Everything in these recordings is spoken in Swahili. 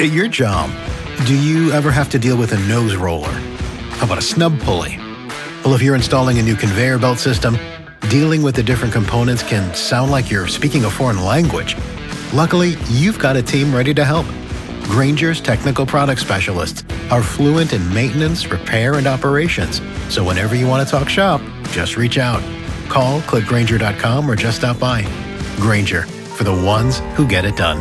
At your job, do you ever have to deal with a nose roller? How about a snub pulley? Well, if you're installing a new conveyor belt system, dealing with the different components can sound like you're speaking a foreign language. Luckily, you've got a team ready to help. Granger's technical product specialists are fluent in maintenance, repair, and operations. So whenever you want to talk shop, just reach out. Call clickgranger.com or just stop by. Granger for the ones who get it done.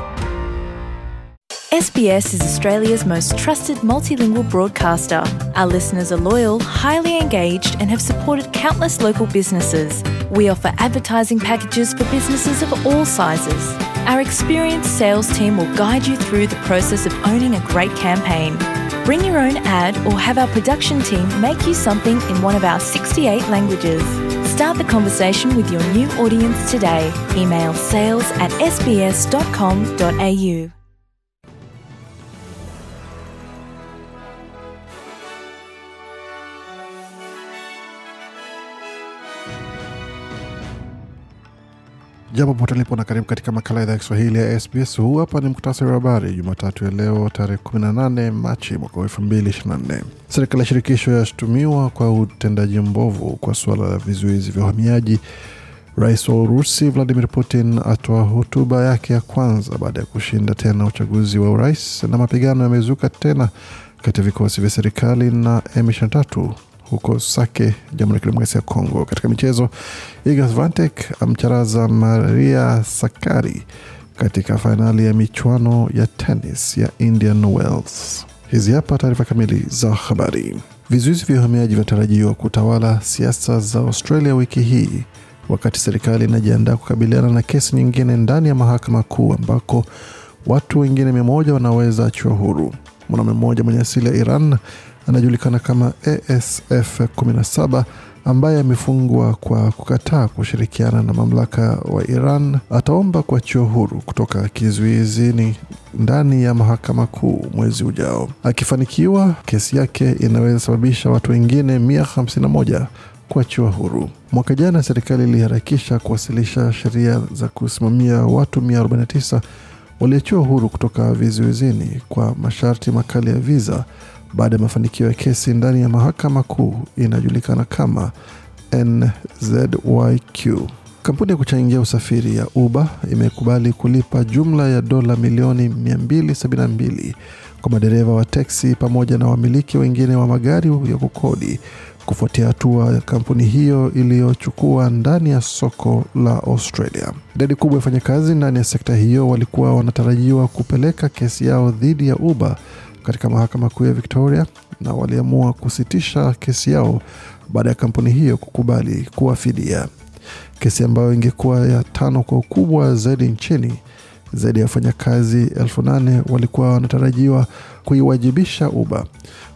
SBS is Australia's most trusted multilingual broadcaster. Our listeners are loyal, highly engaged, and have supported countless local businesses. We offer advertising packages for businesses of all sizes. Our experienced sales team will guide you through the process of owning a great campaign. Bring your own ad or have our production team make you something in one of our 68 languages. Start the conversation with your new audience today. Email sales at sbs.com.au. Jambo popote lipo na karibu katika makala idhaa ya Kiswahili ya SBS. Huu hapa ni muktasari wa habari Jumatatu ya leo tarehe 18 Machi mwaka 2024. Serikali ya shirikisho yashutumiwa kwa utendaji mbovu kwa suala la vizuizi vya uhamiaji. Rais wa Urusi Vladimir Putin atoa hotuba yake ya kwanza baada ya kushinda tena uchaguzi wa urais, na mapigano yamezuka tena kati ya vikosi vya serikali na M23 huko Sake, Jamhuri ya Kidemokrasia ya Kongo. Katika michezo, Igas Vantek amcharaza Maria Sakari katika fainali ya michuano ya tenis ya Indian Wells. Hizi hapa taarifa kamili za habari. Vizuizi vya uhamiaji vinatarajiwa kutawala siasa za Australia wiki hii wakati serikali inajiandaa kukabiliana na kesi nyingine ndani ya mahakama kuu ambako watu wengine mia moja wanaweza achiwa huru. Mwanaume mmoja mwenye asili ya Iran anajulikana kama ASF-17 ambaye amefungwa kwa kukataa kushirikiana na mamlaka wa Iran ataomba kuachiwa huru kutoka kizuizini ndani ya mahakama kuu mwezi ujao. Akifanikiwa, kesi yake inaweza sababisha watu wengine 151 kuachiwa huru. Mwaka jana serikali iliharakisha kuwasilisha sheria za kusimamia watu 149 waliachiwa huru kutoka vizuizini kwa masharti makali ya viza baada ya mafanikio ya kesi ndani ya mahakama kuu inayojulikana kama NZYQ. Kampuni ya kuchangia usafiri ya Uber imekubali kulipa jumla ya dola milioni 272 kwa madereva wa teksi pamoja na wamiliki wengine wa magari ya kukodi kufuatia hatua ya kampuni hiyo iliyochukua ndani ya soko la Australia. Idadi kubwa ya wafanyakazi ndani ya sekta hiyo walikuwa wanatarajiwa kupeleka kesi yao dhidi ya Uber katika mahakama kuu ya Victoria na waliamua kusitisha kesi yao baada ya kampuni hiyo kukubali kuwafidia. Kesi ambayo ingekuwa ya tano kwa ukubwa zaidi nchini. Zaidi ya wafanyakazi elfu nane walikuwa wanatarajiwa kuiwajibisha Uber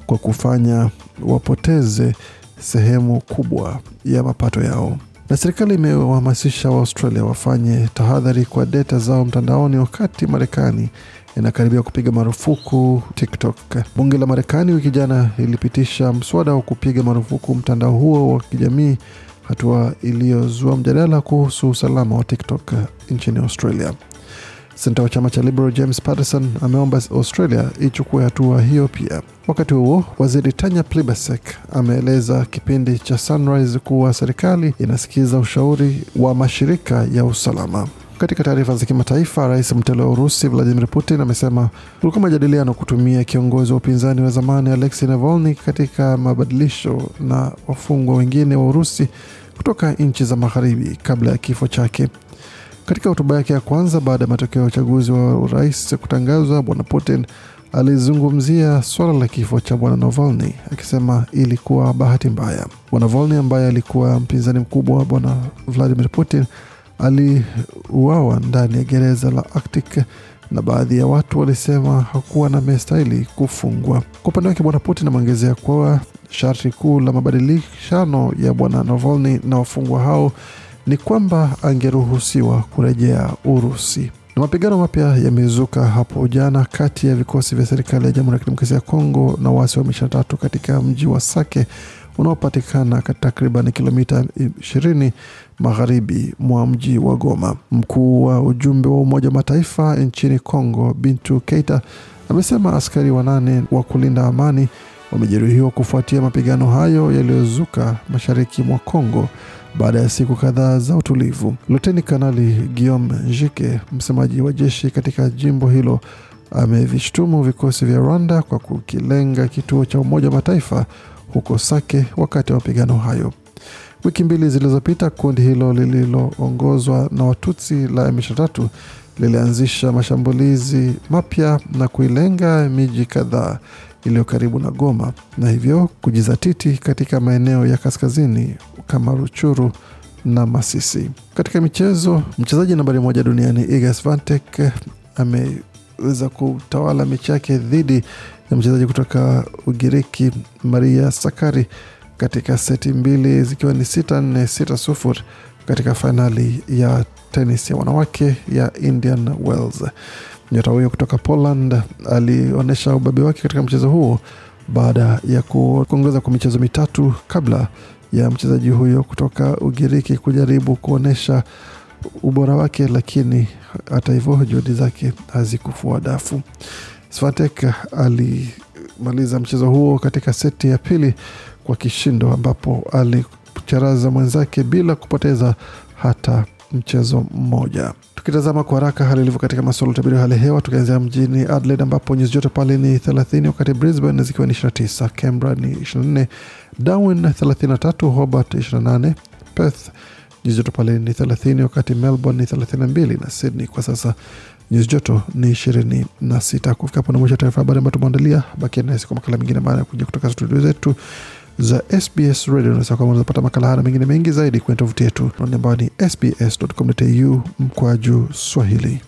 kwa kufanya wapoteze sehemu kubwa ya mapato yao. Na serikali imewahamasisha Waaustralia wafanye tahadhari kwa data zao mtandaoni, wakati Marekani inakaribia kupiga marufuku TikTok. Bunge la Marekani wiki jana lilipitisha mswada wa kupiga marufuku mtandao huo wa kijamii, hatua iliyozua mjadala kuhusu usalama wa TikTok nchini Australia. Senta wa chama cha Liberal James Patterson ameomba Australia ichukue hatua hiyo pia. Wakati huo, waziri Tanya Plibersek ameeleza kipindi cha Sunrise kuwa serikali inasikiza ushauri wa mashirika ya usalama. Katika taarifa za kimataifa, rais mteule wa Urusi Vladimir Putin amesema kulikuwa majadiliano kutumia kiongozi wa upinzani wa zamani Alexei Navalny katika mabadilisho na wafungwa wengine wa Urusi kutoka nchi za magharibi kabla ya kifo chake. Katika hotuba yake ya kwanza baada ya matokeo ya uchaguzi wa urais kutangazwa, bwana Putin alizungumzia swala la kifo cha bwana Navalny akisema ilikuwa bahati mbaya. Bwana Navalny ambaye alikuwa mpinzani mkubwa wa bwana Vladimir Putin aliuawa ndani ya gereza la Arctic na baadhi ya watu walisema hakuwa na mestahili kufungwa. Kwa upande wake, bwana Putin ameongezea kuwa sharti kuu la mabadilishano ya bwana Navalny na wafungwa hao ni kwamba angeruhusiwa kurejea Urusi. Na mapigano mapya yamezuka hapo jana kati ya vikosi vya serikali ya Jamhuri ya Kidemokrasia ya Kongo na waasi wa M23 katika mji wa Sake unaopatikana takriban kilomita 20 magharibi mwa mji wa Goma. Mkuu wa ujumbe wa Umoja wa Mataifa nchini congo Bintu Keita, amesema askari wanane wa kulinda amani wamejeruhiwa kufuatia mapigano hayo yaliyozuka mashariki mwa Kongo baada ya siku kadhaa za utulivu. Luteni Kanali Guillaume Njike, msemaji wa jeshi katika jimbo hilo, amevishtumu vikosi vya Rwanda kwa kukilenga kituo cha Umoja wa Mataifa huko Sake wakati wa mapigano hayo. Wiki mbili zilizopita, kundi hilo lililoongozwa na Watutsi la M23 lilianzisha mashambulizi mapya na kuilenga miji kadhaa iliyo karibu na Goma na hivyo kujizatiti katika maeneo ya kaskazini kama Ruchuru na Masisi. Katika michezo, mchezaji nambari moja duniani Iga Swiatek ameweza kutawala mechi yake dhidi na mchezaji kutoka Ugiriki Maria Sakari katika seti mbili zikiwa ni sita nne sita sufuri katika fainali ya tenis ya wanawake ya Indian Wells. Nyota huyo kutoka Poland alionyesha ubabe wake katika mchezo huo baada ya kuongeza kwa michezo mitatu kabla ya mchezaji huyo kutoka Ugiriki kujaribu kuonyesha ubora wake, lakini hata hivyo juhudi zake hazikufua dafu. Swatek alimaliza mchezo huo katika seti ya pili kwa kishindo, ambapo alicharaza mwenzake bila kupoteza hata mchezo mmoja. Tukitazama kwa haraka hali ilivyo katika masuala utabiri wa hali hewa, tukianzia mjini Adelaide ambapo nyuzi joto pale ni 30, wakati Brisbane zikiwa ni 29, Canberra ni 24, Darwin 33, Hobart 28, Perth nyuzi joto pale ni 30, wakati Melbourne ni 32 na Sydney kwa sasa nyuzi joto ni ishirini na sita. Kufika hapo na mwisho taarifa habari ambayo tumeandalia. Bakia nasi kwa makala mengine maana ya kuja kutoka studio zetu za SBS Radio. Unaweza kwamba unazapata makala haya na mengine mengi zaidi kwenye tovuti yetu ambayo ni sbs.com.au mkwaju Swahili.